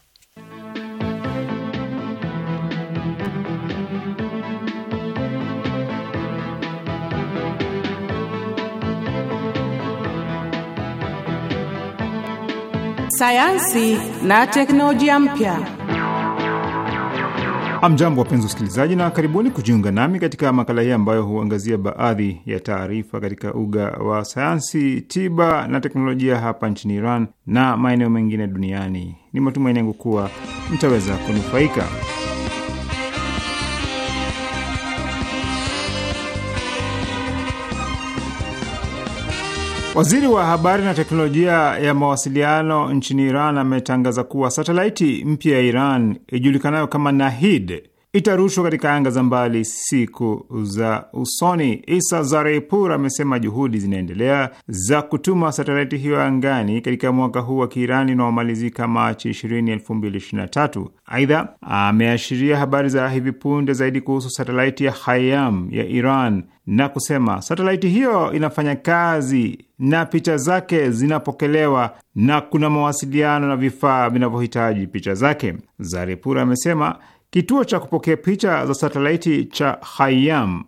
D: Sayansi na teknolojia
E: mpya.
F: Hamjambo, wapenzi wasikilizaji, na karibuni kujiunga nami katika makala hii ambayo huangazia baadhi ya taarifa katika uga wa sayansi, tiba na teknolojia hapa nchini Iran na maeneo mengine duniani. Ni matumaini yangu kuwa mtaweza kunufaika. Waziri wa habari na teknolojia ya mawasiliano nchini Iran ametangaza kuwa satelaiti mpya ya Iran ijulikanayo kama Nahid itarushwa katika anga za mbali siku za usoni. Isa Zarepour amesema juhudi zinaendelea za kutuma satelaiti hiyo angani katika mwaka huu wa Kiirani unaomalizika Machi 20, 2023. Aidha, ameashiria habari za hivi punde zaidi kuhusu satelaiti ya Hayam ya Iran na kusema satelaiti hiyo inafanya kazi na picha zake zinapokelewa na kuna mawasiliano na vifaa vinavyohitaji picha zake. Zarepura amesema Kituo cha kupokea picha za satelaiti cha Hayam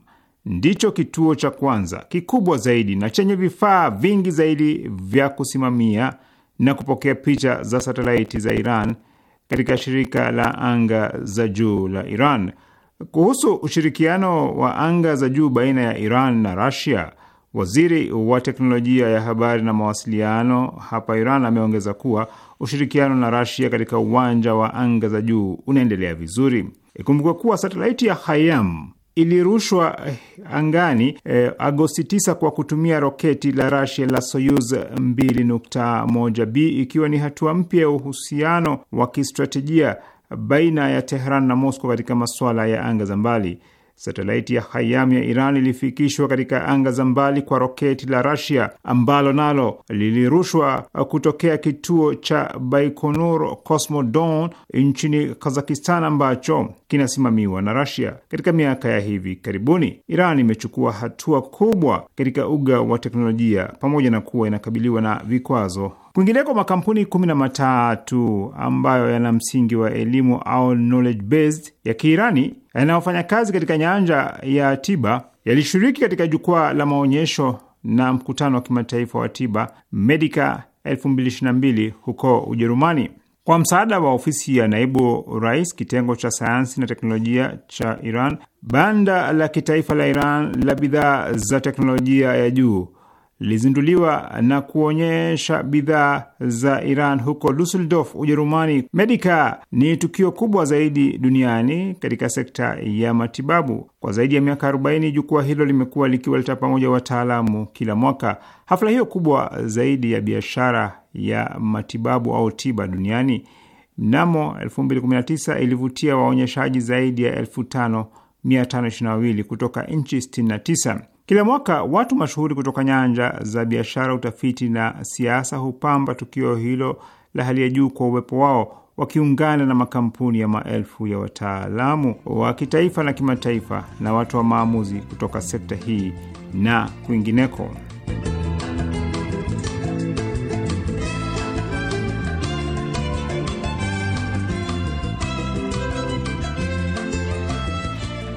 F: ndicho kituo cha kwanza kikubwa zaidi na chenye vifaa vingi zaidi vya kusimamia na kupokea picha za satelaiti za Iran katika shirika la anga za juu la Iran. Kuhusu ushirikiano wa anga za juu baina ya Iran na rasia waziri wa teknolojia ya habari na mawasiliano hapa Iran ameongeza kuwa ushirikiano na Rasia katika uwanja wa anga za juu unaendelea vizuri. Ikumbuka kuwa satelaiti ya Hayam ilirushwa eh, angani eh, Agosti 9 kwa kutumia roketi la Rasia la Soyuz 2.1b ikiwa ni hatua mpya ya uhusiano wa kistratejia baina ya Tehran na Moscow katika masuala ya anga za mbali. Satelaiti ya Hayam ya Iran ilifikishwa katika anga za mbali kwa roketi la Rasia ambalo nalo lilirushwa kutokea kituo cha Baikonur cosmodon nchini Kazakistan ambacho kinasimamiwa na Rasia. Katika miaka ya hivi karibuni, Iran imechukua hatua kubwa katika uga wa teknolojia pamoja na kuwa inakabiliwa na vikwazo Kwingineko, makampuni kumi na matatu ambayo yana msingi wa elimu au knowledge based ya Kiirani yanayofanya kazi katika nyanja ya tiba yalishiriki katika jukwaa la maonyesho na mkutano wa kimataifa wa tiba Medica 2022 huko Ujerumani kwa msaada wa ofisi ya naibu rais kitengo cha sayansi na teknolojia cha Iran, banda la kitaifa la Iran la bidhaa za teknolojia ya juu lilizinduliwa na kuonyesha bidhaa za Iran huko Dusseldorf, Ujerumani. Medica ni tukio kubwa zaidi duniani katika sekta ya matibabu. Kwa zaidi ya miaka 40 jukwaa hilo limekuwa likiwaleta pamoja wataalamu kila mwaka. Hafla hiyo kubwa zaidi ya biashara ya matibabu au tiba duniani mnamo 2019 ilivutia waonyeshaji zaidi ya 5522 kutoka nchi 69. Kila mwaka watu mashuhuri kutoka nyanja za biashara, utafiti na siasa hupamba tukio hilo la hali ya juu kwa uwepo wao wakiungana na makampuni ya maelfu ya wataalamu wa kitaifa na kimataifa na watu wa maamuzi kutoka sekta hii na kwingineko.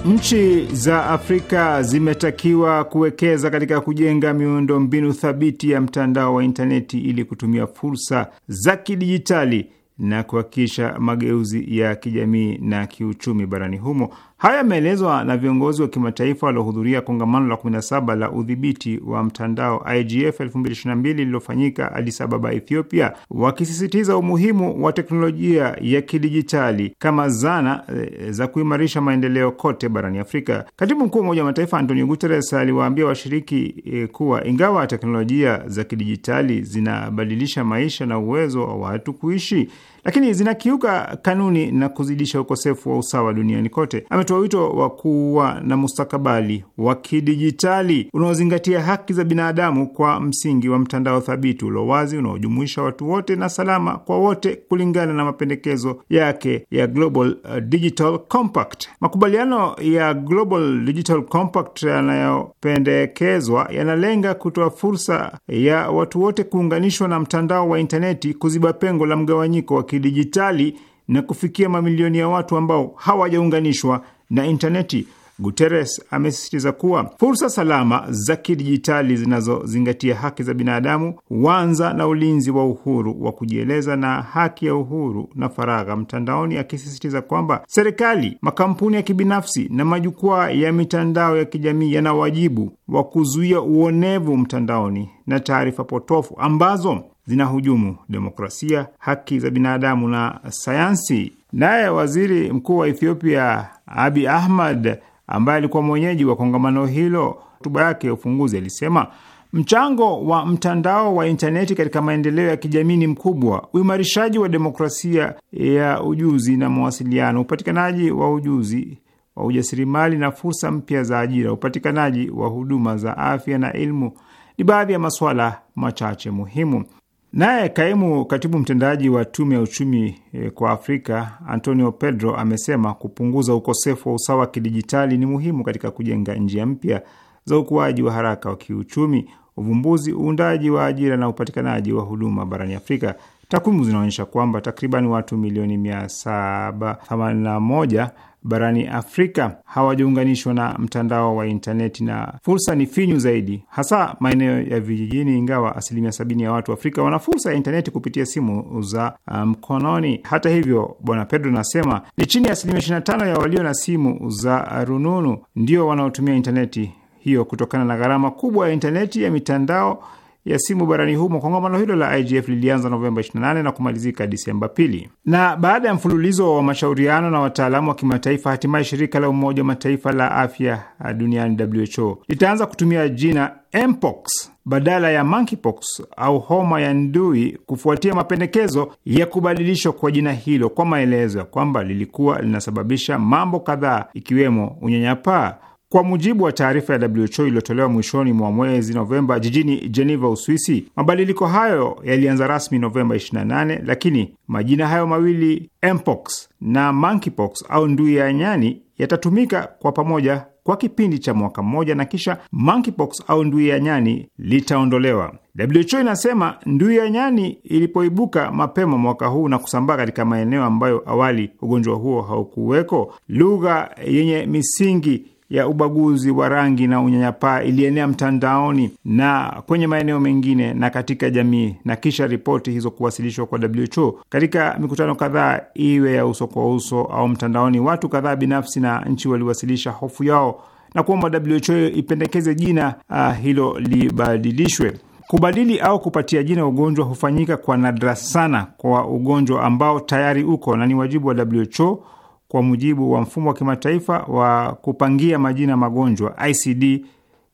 F: Nchi za Afrika zimetakiwa kuwekeza katika kujenga miundo mbinu thabiti ya mtandao wa intaneti ili kutumia fursa za kidijitali na kuhakikisha mageuzi ya kijamii na kiuchumi barani humo. Haya yameelezwa na viongozi wa kimataifa waliohudhuria kongamano la 17 la udhibiti wa mtandao IGF 2022 lililofanyika Addis Ababa, Ethiopia, wakisisitiza umuhimu wa teknolojia ya kidijitali kama zana eh, za kuimarisha maendeleo kote barani Afrika. Katibu mkuu wa Umoja wa Mataifa Antonio Guterres aliwaambia washiriki eh, kuwa ingawa teknolojia za kidijitali zinabadilisha maisha na uwezo wa watu kuishi lakini zinakiuka kanuni na kuzidisha ukosefu wa usawa duniani kote. Ametoa wito wa kuwa na mustakabali wa kidijitali unaozingatia haki za binadamu kwa msingi wa mtandao thabiti ulio wazi, unaojumuisha watu wote na salama kwa wote, kulingana na mapendekezo yake ya Global Digital Compact. Makubaliano ya Global Digital Compact yanayopendekezwa yanalenga kutoa fursa ya watu wote kuunganishwa na mtandao wa intaneti, kuziba pengo la mgawanyiko wa kidijitali na kufikia mamilioni ya watu ambao hawajaunganishwa na intaneti. Guterres amesisitiza kuwa fursa salama za kidijitali zinazozingatia haki za binadamu huanza na ulinzi wa uhuru wa kujieleza na haki ya uhuru na faragha mtandaoni, akisisitiza kwamba serikali, makampuni ya kibinafsi na majukwaa ya mitandao ya kijamii yana wajibu wa kuzuia uonevu mtandaoni na taarifa potofu ambazo zinahujumu demokrasia, haki za binadamu na sayansi. Naye waziri mkuu wa Ethiopia Abi Ahmad, ambaye alikuwa mwenyeji wa kongamano hilo, hotuba yake ya ufunguzi alisema mchango wa mtandao wa intaneti katika maendeleo ya kijamii ni mkubwa: uimarishaji wa demokrasia ya ujuzi na mawasiliano, upatikanaji wa ujuzi wa ujasiriamali na fursa mpya za ajira, upatikanaji wa huduma za afya na elimu ni baadhi ya masuala machache muhimu. Naye kaimu katibu mtendaji wa tume ya uchumi eh, kwa Afrika Antonio Pedro amesema kupunguza ukosefu wa usawa wa kidijitali ni muhimu katika kujenga njia mpya za ukuaji wa haraka wa kiuchumi, uvumbuzi, uundaji wa ajira na upatikanaji wa huduma barani Afrika. Takwimu zinaonyesha kwamba takriban watu milioni 781 barani Afrika hawajaunganishwa na mtandao wa intaneti na fursa ni finyu zaidi, hasa maeneo ya vijijini, ingawa asilimia sabini ya watu wa Afrika wana fursa ya intaneti kupitia simu za uh, mkononi. Um, hata hivyo, Bwana Pedro anasema ni chini ya asilimia ishirini na tano ya walio na simu za rununu ndio wanaotumia intaneti hiyo kutokana na gharama kubwa ya intaneti ya mitandao ya simu barani humo. Kongamano hilo la IGF lilianza Novemba 28 na kumalizika Disemba 2. Na baada ya mfululizo wa mashauriano na wataalamu wa kimataifa, hatimaye shirika la Umoja wa Mataifa la afya duniani WHO litaanza kutumia jina mpox badala ya monkeypox au homa ya ndui kufuatia mapendekezo ya kubadilishwa kwa jina hilo kwa maelezo ya kwamba lilikuwa linasababisha mambo kadhaa ikiwemo unyanyapaa. Kwa mujibu wa taarifa ya WHO iliyotolewa mwishoni mwa mwezi Novemba jijini Geneva, Uswisi, mabadiliko hayo yalianza rasmi Novemba 28, lakini majina hayo mawili mpox na monkeypox au ndui ya nyani yatatumika kwa pamoja kwa kipindi cha mwaka mmoja na kisha monkeypox au ndui ya nyani litaondolewa. WHO inasema ndui ya nyani ilipoibuka mapema mwaka huu na kusambaa katika maeneo ambayo awali ugonjwa huo haukuweko, lugha yenye misingi ya ubaguzi wa rangi na unyanyapaa ilienea mtandaoni na kwenye maeneo mengine na katika jamii, na kisha ripoti hizo kuwasilishwa kwa WHO katika mikutano kadhaa, iwe ya uso kwa uso au mtandaoni. Watu kadhaa binafsi na nchi waliwasilisha hofu yao na kuomba WHO ipendekeze jina uh, hilo libadilishwe. Kubadili au kupatia jina ugonjwa hufanyika kwa nadra sana kwa ugonjwa ambao tayari uko na ni wajibu wa WHO kwa mujibu wa mfumo wa kimataifa wa kupangia majina magonjwa ICD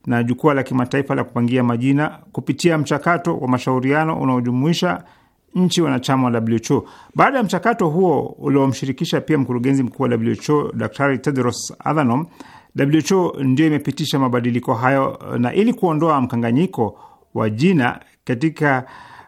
F: na jukwaa la kimataifa la kupangia majina kupitia mchakato wa mashauriano unaojumuisha nchi wanachama wa WHO. Baada ya mchakato huo uliomshirikisha pia mkurugenzi mkuu wa WHO Dr. Tedros Adhanom, WHO ndio imepitisha mabadiliko hayo, na ili kuondoa mkanganyiko wa jina katika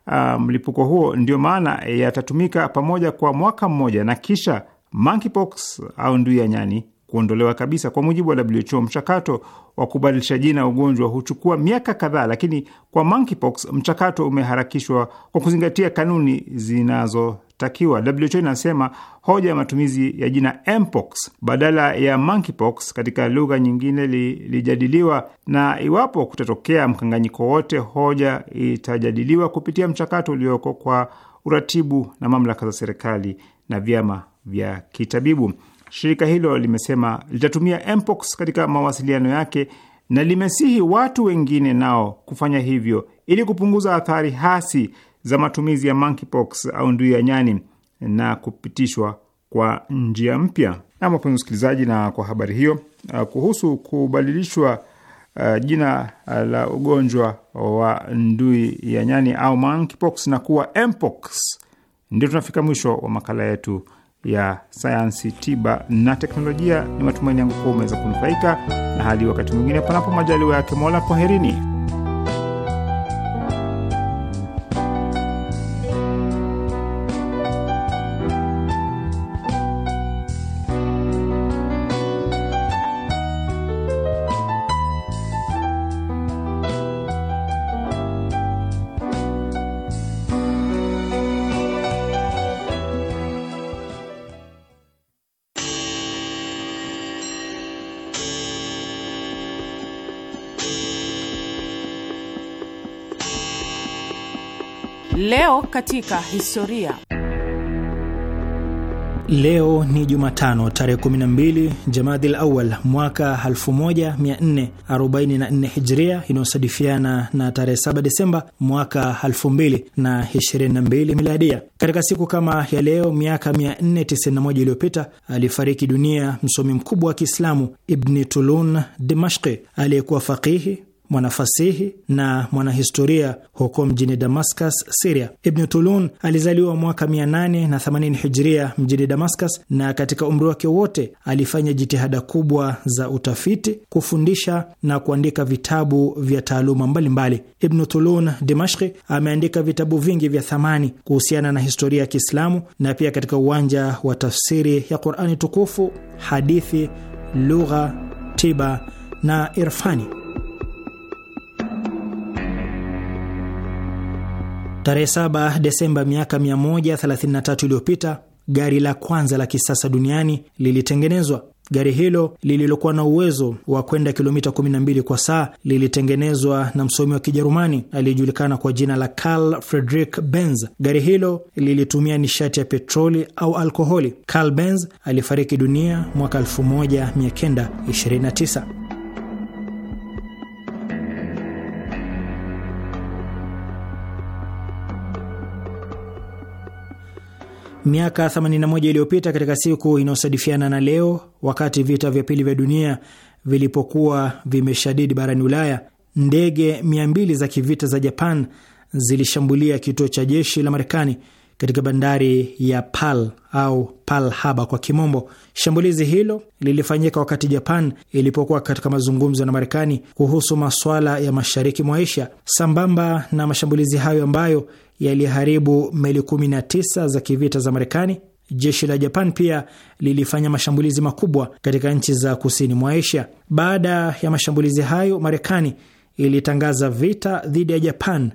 F: uh, mlipuko um, huo, ndio maana yatatumika pamoja kwa mwaka mmoja na kisha monkeypox au ndui ya nyani kuondolewa kabisa. Kwa mujibu wa WHO, mchakato wa kubadilisha jina ugonjwa huchukua miaka kadhaa, lakini kwa monkeypox mchakato umeharakishwa kwa kuzingatia kanuni zinazotakiwa. WHO inasema hoja ya matumizi ya jina mpox badala ya monkeypox katika lugha nyingine lilijadiliwa, na iwapo kutatokea mkanganyiko wote, hoja itajadiliwa kupitia mchakato ulioko kwa uratibu na mamlaka za serikali na vyama vya kitabibu. Shirika hilo limesema litatumia mpox katika mawasiliano yake na limesihi watu wengine nao kufanya hivyo ili kupunguza athari hasi za matumizi ya monkeypox au ndui ya nyani na kupitishwa kwa njia mpya. Na mpenzi msikilizaji, na kwa habari hiyo uh, kuhusu kubadilishwa Uh, jina uh, la ugonjwa wa ndui ya nyani au monkeypox na kuwa mpox, ndio tunafika mwisho wa makala yetu ya sayansi, tiba na teknolojia. Ni matumaini yangu kuwa umeweza kunufaika, na hadi wakati mwingine, panapo majaliwa yake Mola, kwaherini.
G: katika historia.
C: Leo ni Jumatano tarehe 12 Jamadil Awal mwaka 1444 Hijria, inayosadifiana na tarehe 7 Disemba mwaka 2022 Miladia. Katika siku kama ya leo miaka 491 iliyopita alifariki dunia msomi mkubwa wa Kiislamu Ibni Tulun Dimashqi aliyekuwa faqihi mwanafasihi na mwanahistoria huko mjini Damascus, Siria. ibnu Tulun alizaliwa mwaka 880 hijria mjini Damascus, na katika umri wake wote alifanya jitihada kubwa za utafiti, kufundisha na kuandika vitabu vya taaluma mbalimbali. ibnu Tulun Dimashki ameandika vitabu vingi vya thamani kuhusiana na historia ya Kiislamu na pia katika uwanja wa tafsiri ya Qurani tukufu, hadithi, lugha, tiba na irfani. Tarehe 7 Desemba miaka 133 iliyopita gari la kwanza la kisasa duniani lilitengenezwa. Gari hilo lililokuwa na uwezo wa kwenda kilomita 12 kwa saa lilitengenezwa na msomi wa Kijerumani aliyejulikana kwa jina la Carl Friedrich Benz. Gari hilo lilitumia nishati ya petroli au alkoholi. Carl Benz alifariki dunia mwaka 1929. Miaka 81 iliyopita katika siku inayosadifiana na leo, wakati vita vya pili vya dunia vilipokuwa vimeshadidi barani Ulaya, ndege 200 za kivita za Japan zilishambulia kituo cha jeshi la Marekani katika bandari ya Pearl au Pearl Harbor kwa kimombo. Shambulizi hilo lilifanyika wakati Japan ilipokuwa katika mazungumzo na Marekani kuhusu masuala ya mashariki mwa Asia. Sambamba na mashambulizi hayo ambayo yaliharibu meli 19 za kivita za Marekani. Jeshi la Japan pia lilifanya mashambulizi makubwa katika nchi za kusini mwa Asia. Baada ya mashambulizi hayo, Marekani ilitangaza vita dhidi ya Japan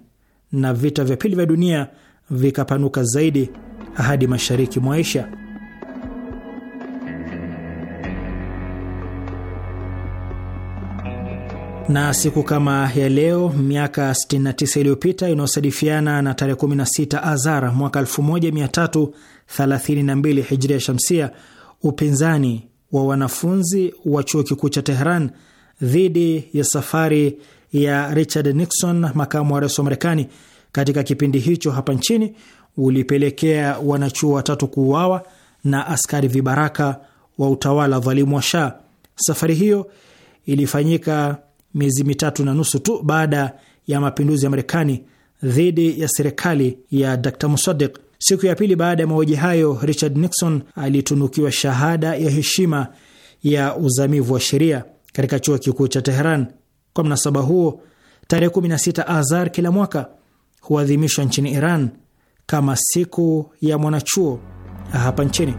C: na vita vya pili vya dunia vikapanuka zaidi hadi mashariki mwa Asia. na siku kama ya leo miaka 69 iliyopita inayosadifiana na tarehe 16 Azara mwaka 1332 Hijria Shamsia, upinzani wa wanafunzi wa chuo kikuu cha Tehran dhidi ya safari ya Richard Nixon, makamu wa rais wa Marekani, katika kipindi hicho hapa nchini ulipelekea wanachuo watatu kuuawa na askari vibaraka wa utawala dhalimu wa Shah. Safari hiyo ilifanyika miezi mitatu na nusu tu baada ya mapinduzi ya Marekani dhidi ya serikali ya Dr Musadik. Siku ya pili baada ya mauaji hayo, Richard Nixon alitunukiwa shahada ya heshima ya uzamivu wa sheria katika chuo kikuu cha Teheran. Kwa mnasaba huo, tarehe 16 Azar kila mwaka huadhimishwa nchini Iran kama siku ya mwanachuo hapa nchini.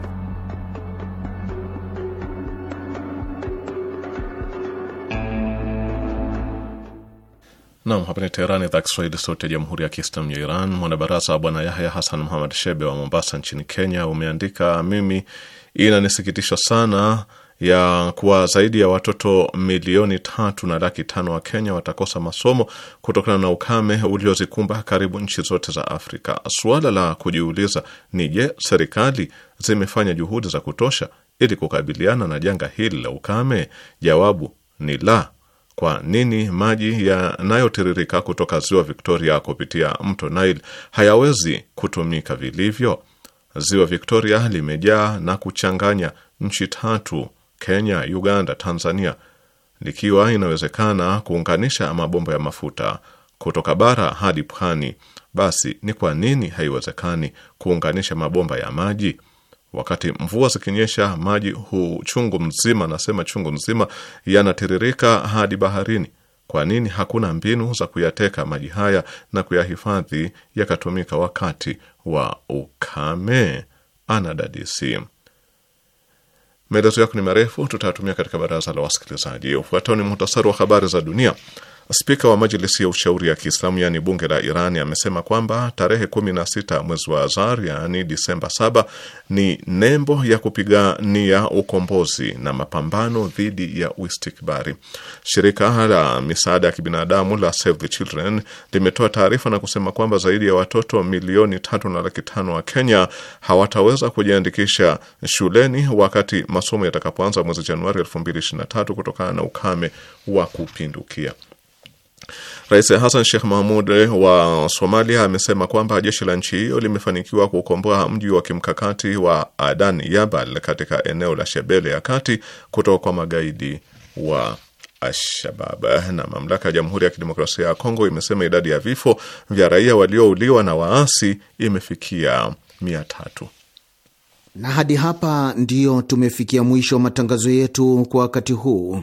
A: Nam, hapa ni Teheran, idhaa Kiswahili, sauti ya jamhuri ya kiislamu ya Iran. Mwanabaraza wa Bwana Yahya Hasan Muhamad Shebe wa Mombasa nchini Kenya umeandika, mimi inanisikitisha sana ya kuwa zaidi ya watoto milioni tatu na laki tano wa Kenya watakosa masomo kutokana na ukame uliozikumba karibu nchi zote za Afrika. Suala la kujiuliza ni je, serikali zimefanya juhudi za kutosha ili kukabiliana na janga hili la ukame? Jawabu ni la kwa nini maji yanayotiririka kutoka ziwa Victoria kupitia mto Nile hayawezi kutumika vilivyo? Ziwa Victoria limejaa na kuchanganya nchi tatu, Kenya, Uganda, Tanzania, likiwa inawezekana kuunganisha mabomba ya mafuta kutoka bara hadi pwani. Basi ni kwa nini haiwezekani kuunganisha mabomba ya maji Wakati mvua zikinyesha, maji huu chungu mzima, nasema chungu mzima, yanatiririka hadi baharini. Kwa nini hakuna mbinu za kuyateka maji haya na kuyahifadhi yakatumika wakati wa ukame? Anadadisi. Maelezo yako ni marefu, tutayatumia katika baraza la wasikilizaji. Ufuatao ni muhtasari wa habari za dunia. Spika wa Majilisi ya Ushauri ya Kiislamu, yaani bunge la iran amesema kwamba tarehe 16 mwezi wa Azar, yaani Disemba 7, ni nembo ya kupigania ukombozi na mapambano dhidi ya uistikbari. Shirika la misaada ya kibinadamu la Save the Children limetoa taarifa na kusema kwamba zaidi ya watoto milioni tatu na laki tano wa Kenya hawataweza kujiandikisha shuleni wakati masomo yatakapoanza mwezi Januari 2023 kutokana na ukame wa kupindukia. Rais Hassan Sheikh Mahmud eh, wa Somalia amesema kwamba jeshi la nchi hiyo limefanikiwa kukomboa mji wa kimkakati wa Adan Yabal katika eneo la Shebele ya kati kutoka kwa magaidi wa Alshabab. Na mamlaka ya Jamhuri ya Kidemokrasia ya Kongo imesema idadi ya vifo vya raia waliouliwa na waasi imefikia mia tatu.
H: Na hadi hapa ndiyo tumefikia mwisho wa matangazo yetu kwa wakati huu.